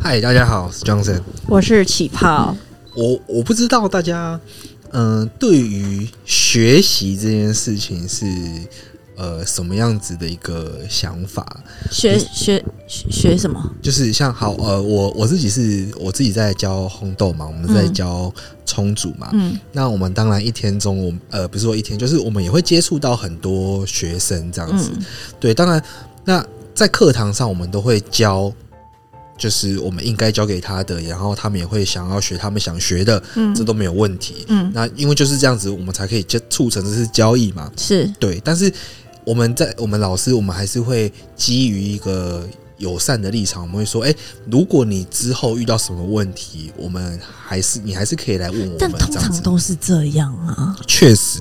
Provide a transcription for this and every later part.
嗨，Hi, 大家好，是 Johnson，我是起泡，我我不知道大家，嗯、呃，對於學習這件事情是呃什麼樣子的一個想法？學學學什麼？就是像好呃，我我自己是，我自己在教烘豆嘛，我們在教沖煮嘛，嗯，那我們當然一天中，呃，不是說一天，就是我們也會接觸到很多學生這樣子，嗯、對，當然，那在課堂上我們都會教。就是我們應該教給他的，然後他們也會想要學他們想學的，嗯，這都沒有問題，嗯。那因為就是這樣子，我們才可以就促成這次交易嘛，是對。但是我們在我們老師，我們還是會基於一個友善的立場，我們會說，哎、欸，如果你之後遇到什麼問題，我們還是你還是可以來問我們這樣子。通常都是這樣啊，確實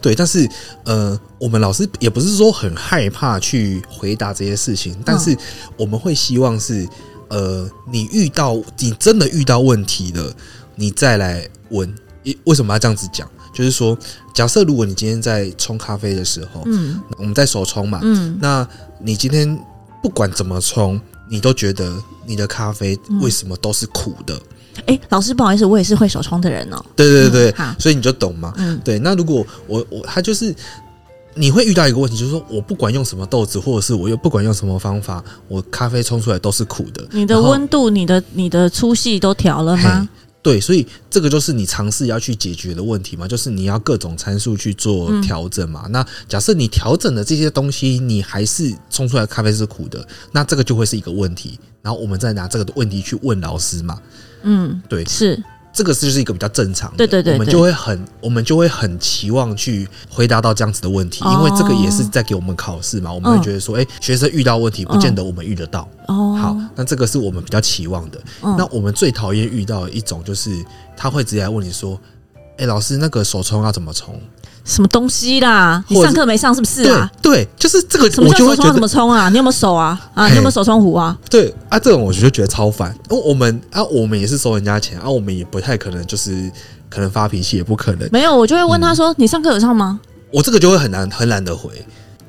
對。但是呃，我們老師也不是說很害怕去回答這些事情，但是我們會希望是。呃，你遇到你真的遇到問題了，你再來問。為為什麼要這樣子講？就是說，假設如果你今天在沖咖啡的時候，嗯，我們在手沖嘛，嗯，那你今天不管怎麼沖，你都覺得你的咖啡為什麼都是苦的？哎，嗯，欸，老師不好意思，我也是會手沖的人哦，喔。對對對，嗯，所以你就懂嘛。嗯，對。那如果我我他就是。你會遇到一個問題，就是說我不管用什麼豆子，或者是我又不管用什麼方法，我咖啡沖出來都是苦的。你的溫度、然後、你的、你的粗細都調了嗎？對，所以這個就是你嘗試要去解決的問題嘛，就是你要各種參數去做調整嘛。嗯、那假設你調整的這些東西，你還是沖出來咖啡是苦的，那這個就會是一個問題。然後我們再拿這個問題去問老師嘛。嗯，對，是。這個是就是一個比較正常的，對對對對，我們就會很我們就會很期望去回答到這樣子的問題，哦、因為這個也是在給我們考試嘛。我們會覺得說，哎、哦，學生遇到問題，不見得我們遇得到。哦，好，那這個是我們比較期望的。哦、那我們最討厭遇到的一種，就是他會直接來問你說，哎，老師，那個手沖要怎麼沖？什麼東西啦？你上課沒上是不是啊？對，對，就是這個我就會什、啊，什麼叫做沖、啊、什麼沖啊？你有沒有手啊？欸、啊，你有沒有手沖壺啊？對，啊，這種我就覺得超煩。因為我們啊，我們也是收人家錢啊，我們也不太可能就是可能發脾氣，也不可能。沒有，我就會問他說：“嗯、你上課有上嗎？”我這個就會很難很懶得回。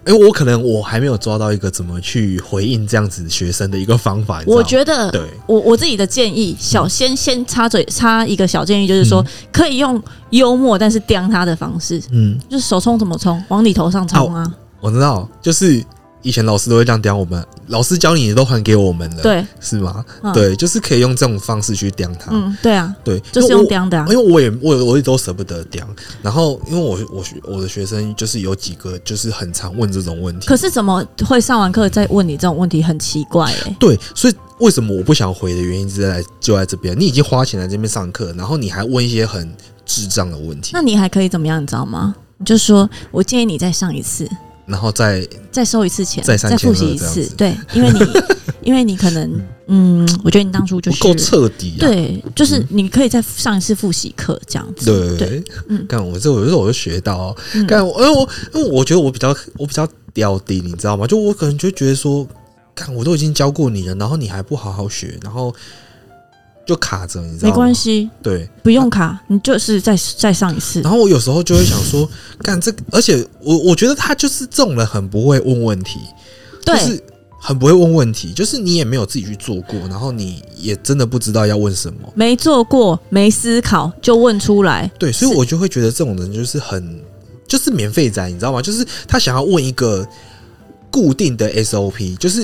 哎、欸，我可能我還沒有抓到一個怎麼去回應這樣子學生的一個方法。我覺得我，對我我自己的建議，嗯、小先先插嘴插一個小建議，就是說、嗯、可以用幽默但是刁他的方式，嗯，就是手沖怎麼沖，往你頭上沖啊，啊我！我知道，就是。以前老師都會這樣刁我們，老師教你的都還給我們了。對，是嗎？嗯、對，就是可以用這種方式去刁他。嗯，對啊，對，就是用刁的。因為我、啊、因為我也我我也都捨不得刁。然後，因為我我學我的學生就是有幾個就是很常問這種問題。可是怎麼會上完課再問你這種問題，很奇怪哎、欸。對，所以為什麼我不想回的原因就在就在這邊，你已經花錢來這邊上課，然後你還問一些很智障的問題。那你還可以怎麼樣？你知道嗎？嗯、你就說我建議你再上一次。然後再再收一次錢，再, 3, 再複習一次，對，因為你 因為你可能嗯，我覺得你當初就夠、是、徹底、啊，對，就是你可以再上一次複習課這樣子，對，嗯，幹我這，我覺得我就學到我因哎我，因為我覺得我比較我比較刁低你知道嗎？就我可能就覺得說，看我都已經教過你了，然後你還不好好學，然後。就卡着，你知道嗎？沒關係，對，不用卡，啊、你就是再再上一次。然後我有時候就會想說，幹 這個，而且我我覺得他就是這種人，很不會問問題，對就是很不會問問題，就是你也沒有自己去做過，然後你也真的不知道要問什麼，沒做過，沒思考就問出來。對，是所以我就會覺得這種人就是很就是免費仔，你知道嗎？就是他想要問一個固定的 SOP，就是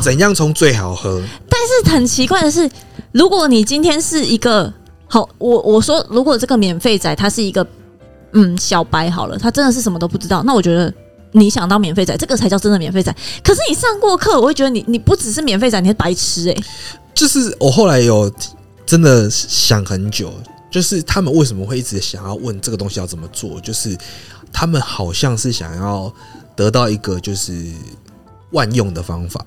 怎樣沖最好喝、哦。但是很奇怪的是。如果你今天是一個，好，我我說，如果這個免費仔他是一個嗯小白好了，他真的是什麼都不知道。那我覺得你想當免費仔，這個才叫真的免費仔。可是你上過課，我會覺得你你不只是免費仔，你是白痴誒、欸。就是我後來有真的想很久，就是他們為什麼會一直想要問這個東西要怎麼做？就是他們好像是想要得到一個就是萬用的方法。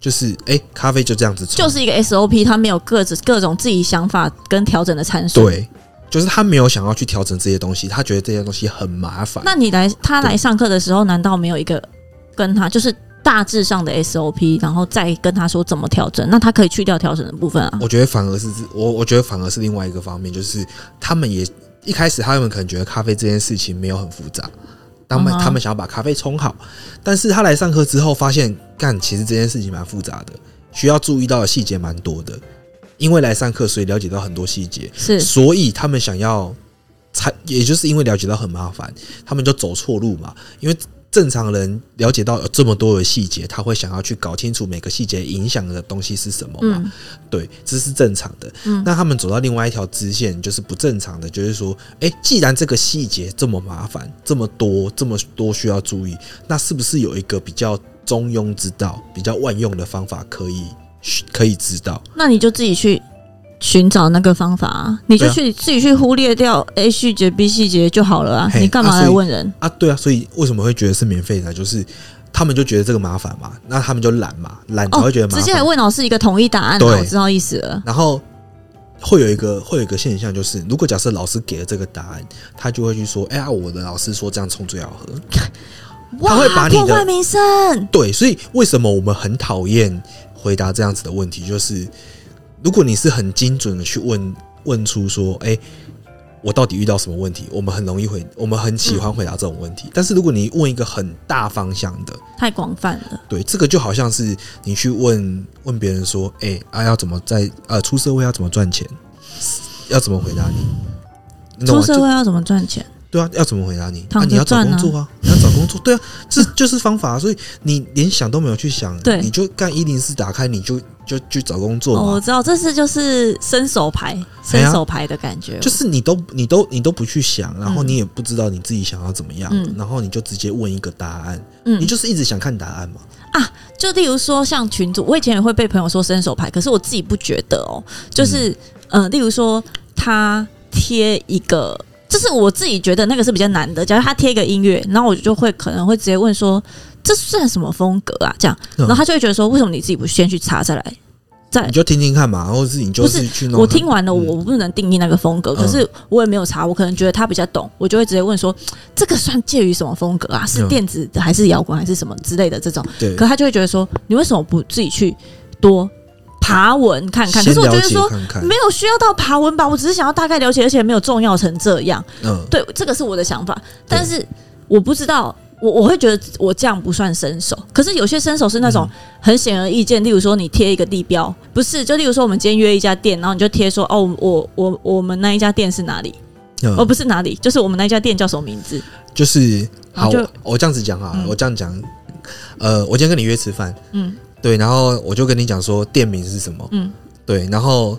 就是哎、欸，咖啡就這樣子就是一個 SOP，他沒有各自各種自己想法跟調整的參數。對，就是他沒有想要去調整這些東西，他覺得這些東西很麻煩。那你來，他來上課的時候，難道沒有一個跟他就是大致上的 SOP，然後再跟他說怎麼調整？那他可以去掉調整的部分啊？我覺得反而是我，我覺得反而是另外一個方面，就是他們也一開始他們可能覺得咖啡這件事情沒有很複雜。他們他們想要把咖啡沖好，嗯、哼但是他來上課之後發現，幹其實這件事情蠻複雜的，需要注意到的細節蠻多的。因為來上課，所以了解到很多細節，是所以他們想要，才也就是因為了解到很麻煩，他們就走錯路嘛，因為。正常人了解到有這麼多的細節，他會想要去搞清楚每個細節影響的東西是什麼嘛？嗯、對，這是正常的。嗯，那他們走到另外一條支線，就是不正常的，就是說、欸，既然這個細節這麼麻煩，這麼多，這麼多需要注意，那是不是有一個比較中庸之道、比較萬用的方法可以可以知道？那你就自己去。尋找那個方法、啊，你就去自己去忽略掉 A 細節 B 細節就好了啊！嘿你幹嘛來問人啊？啊對啊，所以為什麼會覺得是免費的呢？就是他們就覺得這個麻煩嘛，那他們就懶嘛，懶才會覺得麻煩、哦、直接來問老師一個統一答案、啊，對我知道意思了。然後會有一個會有一個現象，就是如果假設老師給了這個答案，他就會去說：“哎呀，我的老師說這樣沖最好喝。”他會把你的名聲，對，所以為什麼我們很討厭回答這樣子的問題？就是。如果你是很精準的去問問出說，哎、欸，我到底遇到什麼問題？我們很容易回，我們很喜歡回答這種問題。嗯、但是如果你問一個很大方向的，太廣泛了，對，這個就好像是你去問問別人說，哎、欸、啊，要怎麼在啊，出社會要怎麼賺錢，要怎麼回答你？出社會要怎麼賺錢？對啊，要怎麼回答你啊？你要找工作啊？ 你要找工作，對啊，這就是方法，啊，所以你連想都沒有去想，對，你就幹一零四打開，你就就去找工作，啊哦，我知道這是就是伸手牌，伸手牌的感覺，哎、呀我就是你都你都你都不去想，然後你也不知道你自己想要怎麼樣，嗯、然後你就直接問一個答案，嗯、你就是一直想看答案嘛。啊，就例如說像群組，我以前也會被朋友說伸手牌，可是我自己不覺得哦。就是，嗯、呃，例如說他貼一個。這是我自己覺得那個是比較難的。假如他貼一個音樂，然後我就會可能會直接問說：“這算什麼風格啊？”這樣，然後他就會覺得說：“為什麼你自己不先去查再來？”再來你就聽聽看嘛，然後自己就是我聽完了，我不能定義那個風格，嗯、可是我也沒有查，我可能覺得他比較懂，我就會直接問說：“這個算介於什麼風格啊？是電子的還是搖滾還是什麼之類的這種？”對，可他就會覺得說：“你為什麼不自己去多？”爬文看看，可是我覺得說沒有需要到爬文吧，看看，我只是想要大概了解，而且沒有重要成這樣。嗯，對，這個是我的想法。但是我不知道，我我會覺得我這樣不算伸手。可是有些伸手是那種很顯而易見，嗯、例如說你貼一個地標，不是？就例如說我們今天約一家店，然後你就貼說哦，我我我，我們那一家店是哪裡？嗯、哦，不是哪裡，就是我們那一家店叫什麼名字？就是好，就我好，我這樣子講啊，我這樣講，嗯、呃，我今天跟你約吃飯，嗯。對，然後我就跟你講說店名是什麼。嗯，對，然後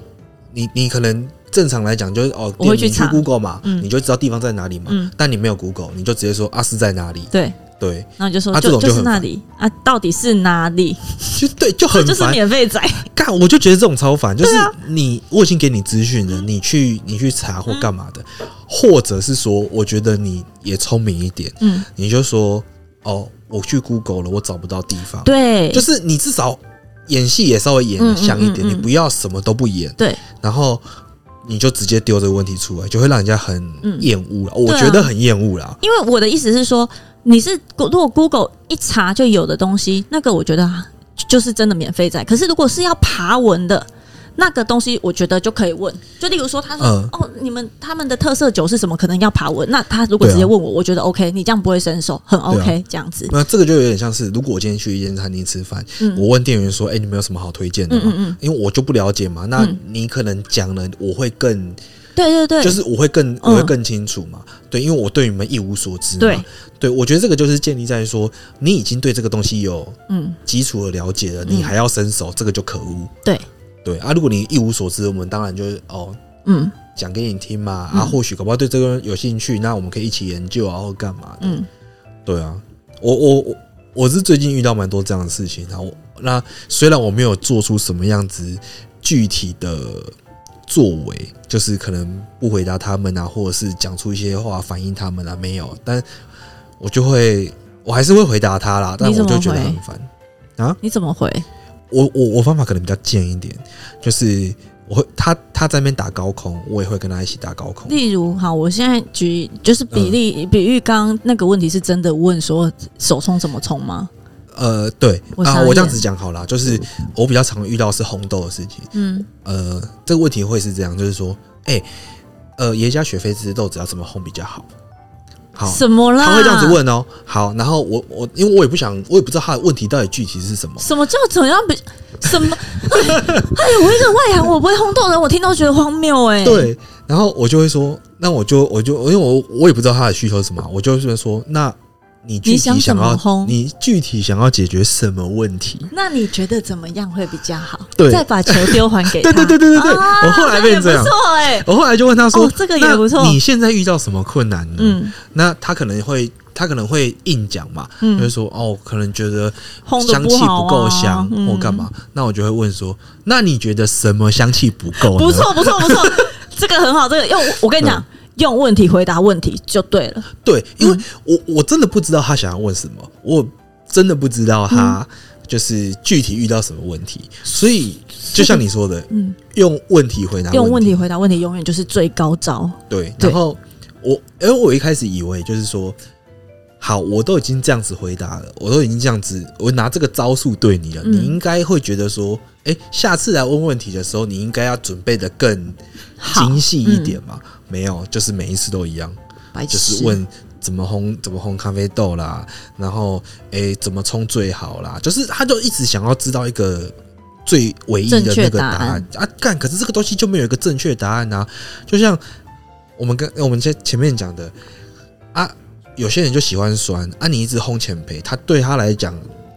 你你可能正常來講就是哦，你去 Google 嘛，你就知道地方在哪裡嘛。但你沒有 Google，你就直接說阿是在哪裡？對對，那就說阿這種就是那裡啊，到底是哪裡？就對，就很就是免費仔。幹，我就覺得這種超煩。就是你我已經給你資訊了，你去你去查或幹嘛的，或者是說我覺得你也聰明一點，嗯，你就說哦。我去 Google 了，我找不到地方。對，就是你至少演戲也稍微演像一點，嗯嗯嗯，你不要什麼都不演。對，然後你就直接丟這個問題出來，就會讓人家很厭惡了。嗯、我覺得很厭惡了，因為我的意思是說，你是如果 Google 一查就有的東西，那個我覺得就是真的免費在。可是如果是要爬文的。那個東西我覺得就可以問，就例如說他說哦，你們他們的特色酒是什麼？可能要爬文。那他如果直接問我，我覺得 OK，你這樣不會伸手，很 OK 這樣子。那這個就有點像是，如果我今天去一間餐廳吃飯，我問店員說：“哎，你們有什麼好推薦的嗎？”因為我就不了解嘛。那你可能講了，我會更對對對，就是我會更我會更清楚嘛。對，因為我對你們一無所知嘛。對，我覺得這個就是建立在於說你已經對這個東西有嗯基礎的了解了，你還要伸手，這個就可惡。對。對啊，如果你一無所知，我們當然就哦，嗯，講給你聽嘛。啊，嗯、或許搞不好對這個人有興趣，那我們可以一起研究啊，或幹嘛的。嗯、對啊，我我我是最近遇到蠻多這樣的事情。然後那雖然我沒有做出什麼樣子具體的作為，就是可能不回答他們啊，或者是講出一些話反映他們啊，沒有。但我就會我還是會回答他啦，但我就覺得很煩。啊，你怎麼回？我我我方法可能比較賤一點，就是我會他他在那邊打高空，我也會跟他一起打高空。例如，好，我現在舉就是比例，嗯、比喻，剛那個問題是真的問說手沖怎麼沖嗎？呃，對啊，呃，我這樣子講好了，就是我比較常遇到是烘豆的事情。嗯，呃，這個問題會是這樣，就是說，哎，欸，呃，耶加雪菲之豆子要怎麼烘比較好？好什麼啦？他會這樣子問哦。好，然後我我因為我也不想，我也不知道他的問題到底具體是什麼。什麼叫怎樣比？什麼？ 哎呦、哎、我一個外行，我不會轟動人，我聽到覺得荒謬哎、欸。對，然後我就會說，那我就我就因為我我也不知道他的需求是什麼，我就是說那。你想怎麼哄？你具體想要解決什麼問題？那你覺得怎麼樣會比較好？再把球丟還給他。對對對對對，我後來變這樣。我後來就問他說：“這個也不錯。”你現在遇到什麼困難呢？那他可能會，他可能會硬講嘛。嗯，就是說哦，可能覺得香氣不夠香，或幹嘛？那我就會問說：“那你覺得什麼香氣不夠呢？”不錯，不錯，不錯，這個很好。這個，因為我我跟你講。用問題回答問題就對了。對，因為我，嗯、我真的不知道他想要問什麼，我真的不知道他就是具體遇到什麼問題，嗯、所以就像你說的，嗯，用問題回答問題，用問題回答問題永遠就是最高招。對，然後我，哎對，因為我一開始以為就是說，好，我都已經這樣子回答了，我都已經這樣子，我拿這個招數對你了，嗯、你應該會覺得說，哎、欸，下次來問問題的時候，你應該要準備得更精細一點嘛。沒有，就是每一次都一樣，白癡，就是問怎麼烘怎麼烘咖啡豆啦，然後哎、欸、怎麼沖最好啦，就是他就一直想要知道一個最唯一的那個答案，答案啊！幹，可是這個東西就沒有一個正確答案啊！就像我們跟我們在前面講的啊，有些人就喜歡酸啊，你一直烘淺焙，他對他來講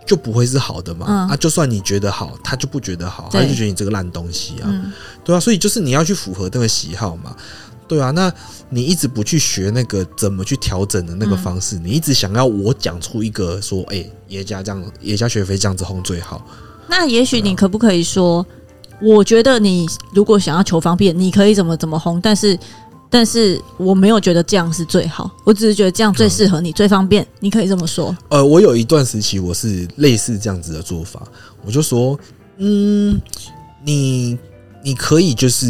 就不會是好的嘛、嗯、啊！就算你覺得好，他就不覺得好，對，他就覺得你這個爛東西啊！嗯、對啊，所以就是你要去符合那個喜好嘛。對啊，那你一直不去學那個怎麼去調整的那個方式，嗯、你一直想要我講出一個說，哎、欸，耶加這樣，耶加雪菲這樣子烘最好。那也許你可不可以說，嗯、我覺得你如果想要求方便，你可以怎麼怎麼烘，但是，但是我沒有覺得這樣是最好，我只是覺得這樣最適合你，嗯、你最方便，你可以這麼說。呃，我有一段時期我是類似這樣子的做法，我就說，嗯，你你可以就是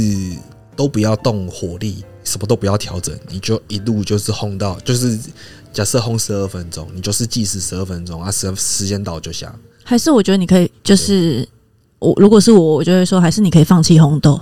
都不要動火力。什麼都不要調整，你就一路就是烘到，就是假設烘十二分鐘，你就是計時十二分鐘啊，時時間到就下。還是我覺得你可以，就是對我如果是我，我就會說，還是你可以放棄烘豆。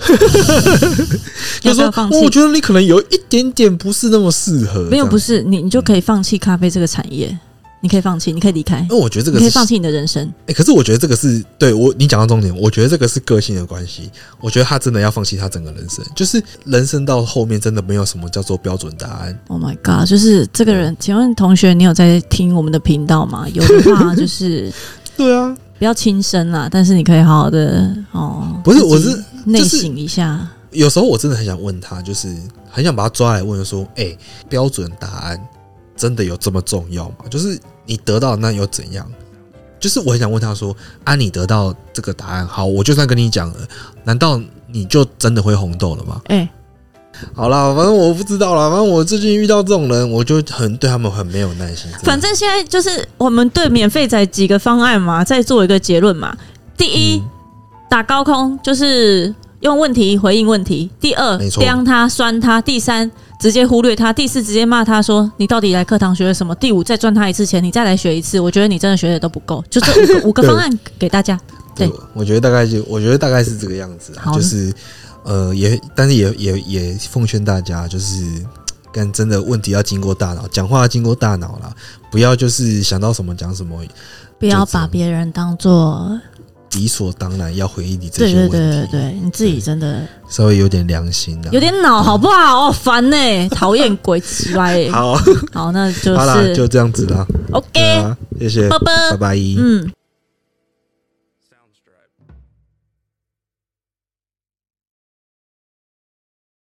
要不要就說放棄，我，我覺得你可能有一點點不是那麼適合。沒有，不是你，你就可以放棄咖啡這個產業。你可以放棄，你可以離開。為、嗯、我覺得這個你可以放棄你的人生。誒、欸，可是我覺得這個是對我，你講到重點，我覺得這個是個性的關係。我覺得他真的要放棄他整個人生，就是人生到後面真的沒有什麼叫做標準答案。Oh my god！就是這個人，對請問同學，你有在聽我們的頻道嗎？有的話就是 對啊，不要輕生啦。但是你可以好好的哦。不是，我是內省一下。有時候我真的很想問他，就是很想把他抓來問說，誒、欸，標準答案。真的有這麼重要嗎？就是你得到那又怎樣？就是我很想問他說：“啊，你得到這個答案好，我就算跟你講了，難道你就真的會紅豆了嗎？”哎、欸，好了，反正我不知道了。反正我最近遇到這種人，我就很對他們很沒有耐心。反正現在就是我們對免費仔幾個方案嘛，嗯、再做一個結論嘛。第一，嗯、打高空就是，用問題回應問題，第二刁錯他酸他，第三直接忽略他，第四直接罵他說，你到底來課堂學了什麼？第五再賺他一次錢，你再來學一次，我覺得你真的學的都不夠。就這五個， 對五個方案給大家。對，對我覺得大概就我覺得大概是這個樣子啊，好就是呃也，但是也也也奉勸大家，就是跟真的問題要經過大腦，講話要經過大腦啦，不要就是想到什麼講什麼，不要把別人當做。理所當然要回應你這些問題，對，對，對，對你自己真的稍微有點良心了，啊，有點腦好不好？煩呢、嗯，討厭、哦欸、鬼起來、欸。 好好，那就是、好啦就這樣子啦。OK，啊、謝謝，巴巴拜拜，拜拜，嗯。